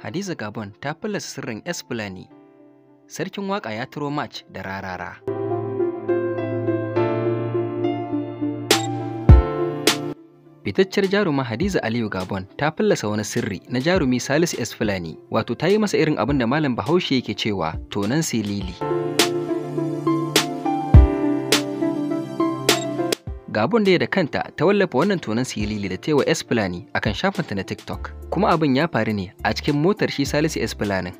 Hadiza Gabon ta fallasa sirrin S Fulani. Sarkin waƙa ya turo match da rarara. Fitacciyar jaruma Hadiza Aliyu Gabon ta fallasa wani sirri na jarumi Salisu S Fulani, wato ta yi masa irin abin da Malam Bahaushe yake cewa tonan silili. ga abin da ya da kanta ta wallafa wannan tonon silili da ta yi wa Esplani a kan shafinta na TikTok. Kuma abin ya faru ne a cikin motar shi Salisu Esplanin.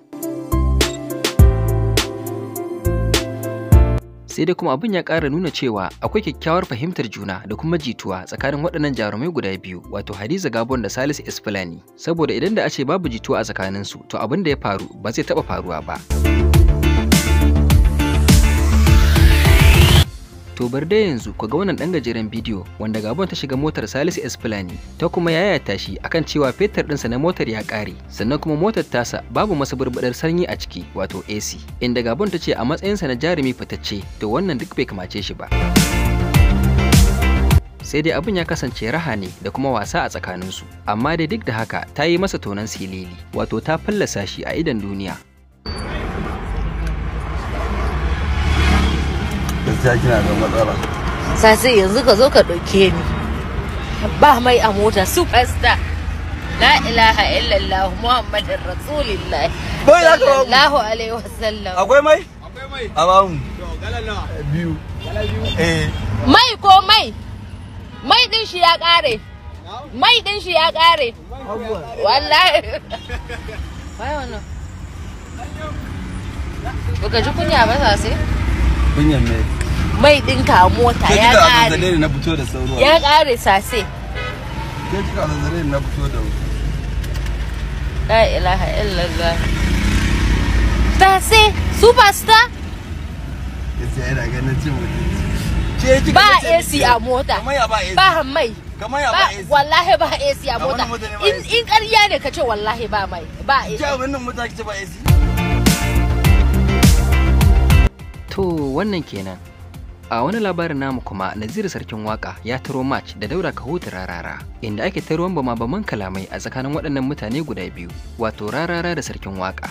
Sai dai kuma abin ya ƙara nuna cewa akwai kyakkyawar fahimtar juna da kuma jituwa tsakanin waɗannan jarumai guda biyu wato Hadiza Gabon da Salisu Esplani. Saboda idan da a ce babu jituwa a tsakaninsu to abin da ya faru ba zai taɓa faruwa ba. To bar dai yanzu ku ga wannan dan gajeren bidiyo wanda Gabon ta shiga motar Salisu Esplani ta kuma yaya shi akan cewa fetur ɗinsa na motar ya ƙare sannan kuma motar tasa babu masa burbuɗar sanyi a ciki wato AC inda Gabon ta ce a matsayinsa na jarumi fitacce to wannan duk bai kamace shi ba. sai dai abin ya kasance raha ne da kuma wasa a tsakaninsu amma dai duk da haka ta yi masa tonon silili wato ta fallasa shi a idan duniya gaskiya kina da matsala yanzu ka zo ka ɗauke ni ba mai a mota superstar la ilaha illallah muhammadin rasulillah sallallahu alaihi wasallam akwai mai akwai mai a ba mu biyu eh mai ko mai mai din shi ya kare mai din shi ya wallahi bai wannan baka ji kunya ba kunyan mai mai ɗinka a mota ya kare ya kare sase da ilaha sase superstar ba AC a mota ba mai ba wallahi ba AC a mota in karya ne ka ce wallahi ba mai ba ba AC to wannan kenan A wani labarin namu kuma Naziru Sarkin Waka ya taro match da Daura Kahota Rarara, inda ake ta ruwan bama baman kalamai a tsakanin waɗannan mutane guda biyu, wato Rarara da Sarkin Waka.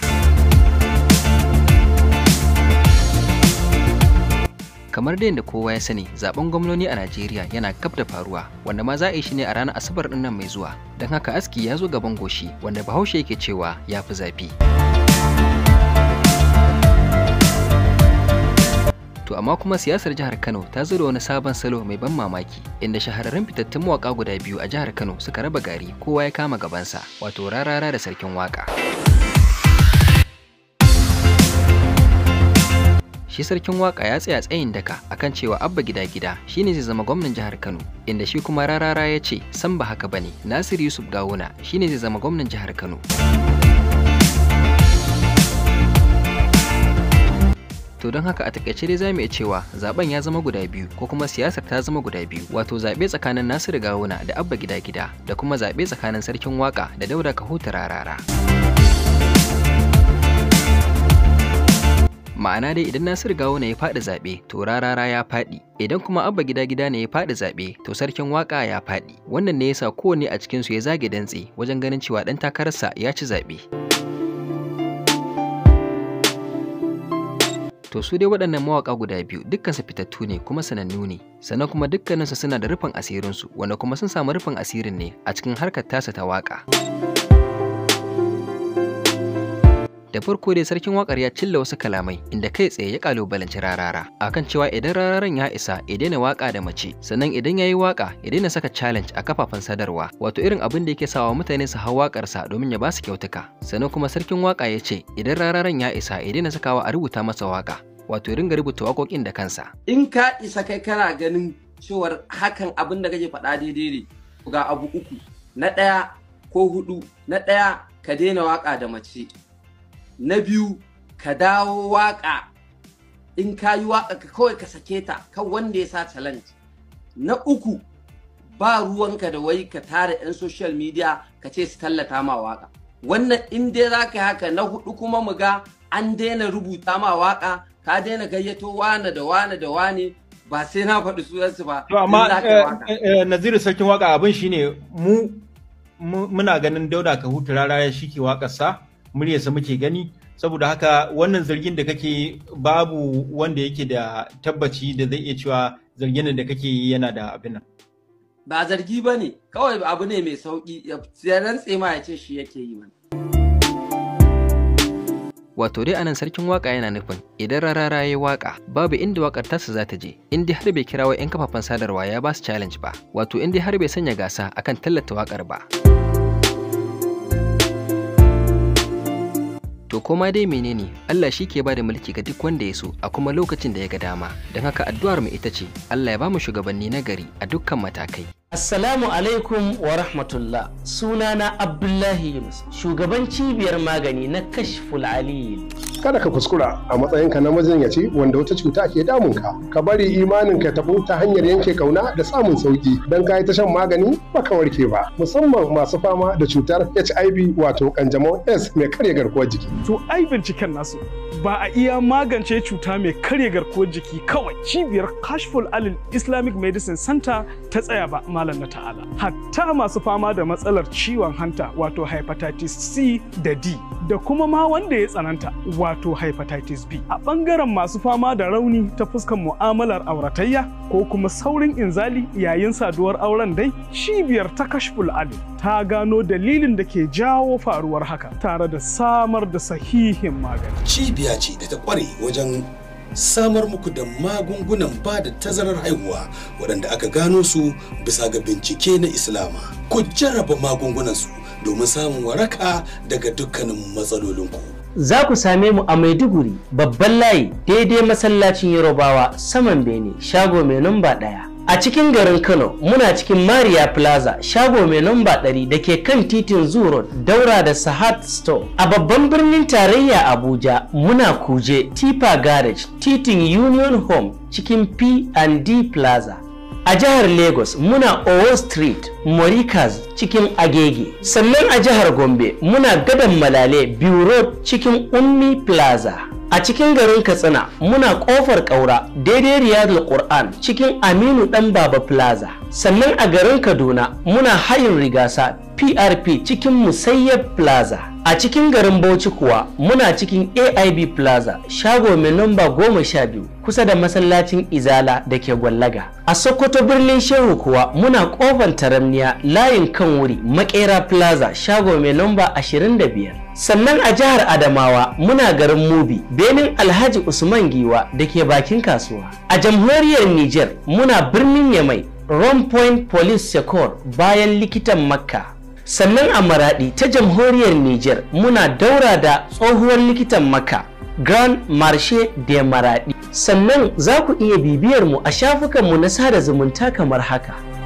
kamar da kowa ya sani zaben gwamnoni a Najeriya yana kaf da faruwa wanda ma za a yi shi ne a ranar asabar ɗin nan mai zuwa don haka aski ya zo gaban goshi wanda bahaushe yake cewa ya fi zafi. To amma kuma siyasar jihar Kano ta zo da wani sabon salo mai ban mamaki inda shahararrun fitattun waka guda biyu a jihar Kano suka raba gari kowa ya kama gabansa wato rarara da sarkin waka. shi sarkin waka ya tsaya tsayin daka akan cewa abba gida gida shine zai zama gwamnan jihar Kano inda shi kuma rarara ya ce san ba haka bane Nasir Yusuf Gawuna shine zai zama gwamnan jihar Kano to don haka a takaice dai zamu iya cewa zaben ya zama guda biyu ko kuma siyasar ta zama guda biyu wato zabe tsakanin Nasiru Gawuna da Abba Gida Gida da kuma zabe tsakanin sarkin waka da Dauda Kahuta Rarara. ma'ana dai idan Nasiru Gawuna ya faɗi zaɓe to rarara ya faɗi idan kuma abba gida gida ne ya faɗi zaɓe to sarkin waka ya faɗi wannan ne yasa kowanne a cikin su ya zage dantse wajen ganin cewa ɗan takararsa ya ci zaɓe. To su dai waɗannan mawaƙa guda biyu dukkansu fitattu ne kuma sanannu ne, sannan kuma dukkaninsu suna da rufin asirinsu wanda kuma sun samu rufin asirin ne a cikin harkar tasa ta waƙa. Da farko dai sarkin wakar ya cilla wasu kalamai inda kai tsaye ya kalubalanci rarara akan cewa idan rararan ya isa ya daina waka da mace sannan idan ya yi waka ya daina saka challenge a kafafen sadarwa wato irin abin da yake sawa mutane su hau wakarsa domin ya ba su kyautuka sannan kuma sarkin waka ya ce idan rararan ya isa ya daina sakawa a rubuta masa waka wato ringa rubuta wakokin da kansa. In ka isa kai kana ganin cewar hakan abin da kake faɗa daidai ne ga abu uku na ɗaya ko hudu na ɗaya ka daina waka da mace na biyu ka dawo waƙa in ka yi waƙa ka kawai ka sake ta kan wanda ya sa challenge na uku ba ruwanka da wai ka tara 'yan social media ka ce su tallata ma waƙa wannan in dai za ka haka na hudu kuma mu ga an daina rubuta ma waƙa ka daina gayyato wane da wane da wane ba sai na faɗi sunansu ba. To amma eh, eh, eh, Naziru sarkin waka abin shine mu muna ganin Dauda ka hutu rara ya shike waƙarsa muryarsa muke gani saboda haka wannan zargin da kake babu wanda yake da tabbaci da zai iya cewa zargin da kake yi yana da abin nan ba zargi ba ne kawai abu ne mai sauki ya rantse ma ya ce shi yake yi mana wato dai anan sarkin waka yana nufin idan rarara ya waka babu inda wakar tasa za ta je in har bai kirawo 'yan kafafen sadarwa ya ba su challenge ba wato indai har bai sanya gasa akan tallata wakar ba. To koma dai menene Allah shi ke bada mulki ga duk wanda ya so a kuma lokacin da ya ga dama. Don haka addu'ar mu ita ce Allah ya ba mu shugabanni na gari a dukkan matakai. Assalamu alaikum wa rahmatullah. Sunana Abdullahi Yunus, shugaban cibiyar magani na Kashful Aliyu. kada ka kuskura a matsayinka na mazinyaci wanda wata cuta ke damun ka ka bari imanin ka tabo ta hanyar yanke kauna da samun sauki dan ka yi ta shan magani ba ka warke ba musamman masu fama da cutar HIV wato kanjamau S mai karya garkuwar jiki to ai binciken nasu ba a iya magance cuta mai karya garkuwar jiki kawai cibiyar Kashful Alil Islamic Medicine Center ta tsaya ba malam na ta'ala hatta masu fama da matsalar ciwon hanta wato hepatitis C da D da kuma ma wanda ya tsananta wato hepatitis B. A ɓangaren masu fama da rauni ta fuskan mu'amalar auratayya ko kuma saurin inzali yayin saduwar auren dai cibiyar ta kashful ali ta gano dalilin da ke jawo faruwar haka tare da samar da sahihin magani. Cibiya ce da ta kware wajen samar muku da magungunan ba da tazarar haihuwa waɗanda aka gano su bisa ga bincike na islama ku jarraba magungunansu domin samun waraka daga dukkanin matsalolinku za ku same mu a Maiduguri babban layi daidai masallacin Yarobawa saman Bene shago mai namba ɗaya. A cikin garin Kano muna cikin Maria Plaza shago mai namba ɗari da ke kan titin Zuro daura da Sahat Store. A babban birnin tarayya Abuja muna kuje Tipa Garage titin Union Home cikin P&D Plaza. a jihar lagos muna owo street morikas cikin agege sannan a jihar gombe muna gadon malale biyu road cikin ummi plaza a cikin garin katsina muna kofar ƙaura daidai riyadul qur'an cikin aminu dan baba plaza sannan a garin kaduna muna hayin rigasa prp cikin musayyar plaza a cikin garin bauchi kuwa muna cikin aib plaza shago mai namba goma sha biyu kusa da masallacin izala da ke gwallaga a sokoto birnin shehu kuwa muna kofar taramniya layin kan wuri makera plaza shago mai namba 25 sannan a jihar adamawa muna garin mubi benin alhaji usman giwa da ke bakin kasuwa a jamhuriyar niger muna birnin yamai Rome Point Police Secor bayan likitan Makka. Sannan a Maraɗi ta jamhuriyar Nijar muna daura da tsohuwar likitan Makka Grand Marche de Maraɗi. Sannan za ku iya bibiyar mu a shafukanmu na sada zumunta kamar haka.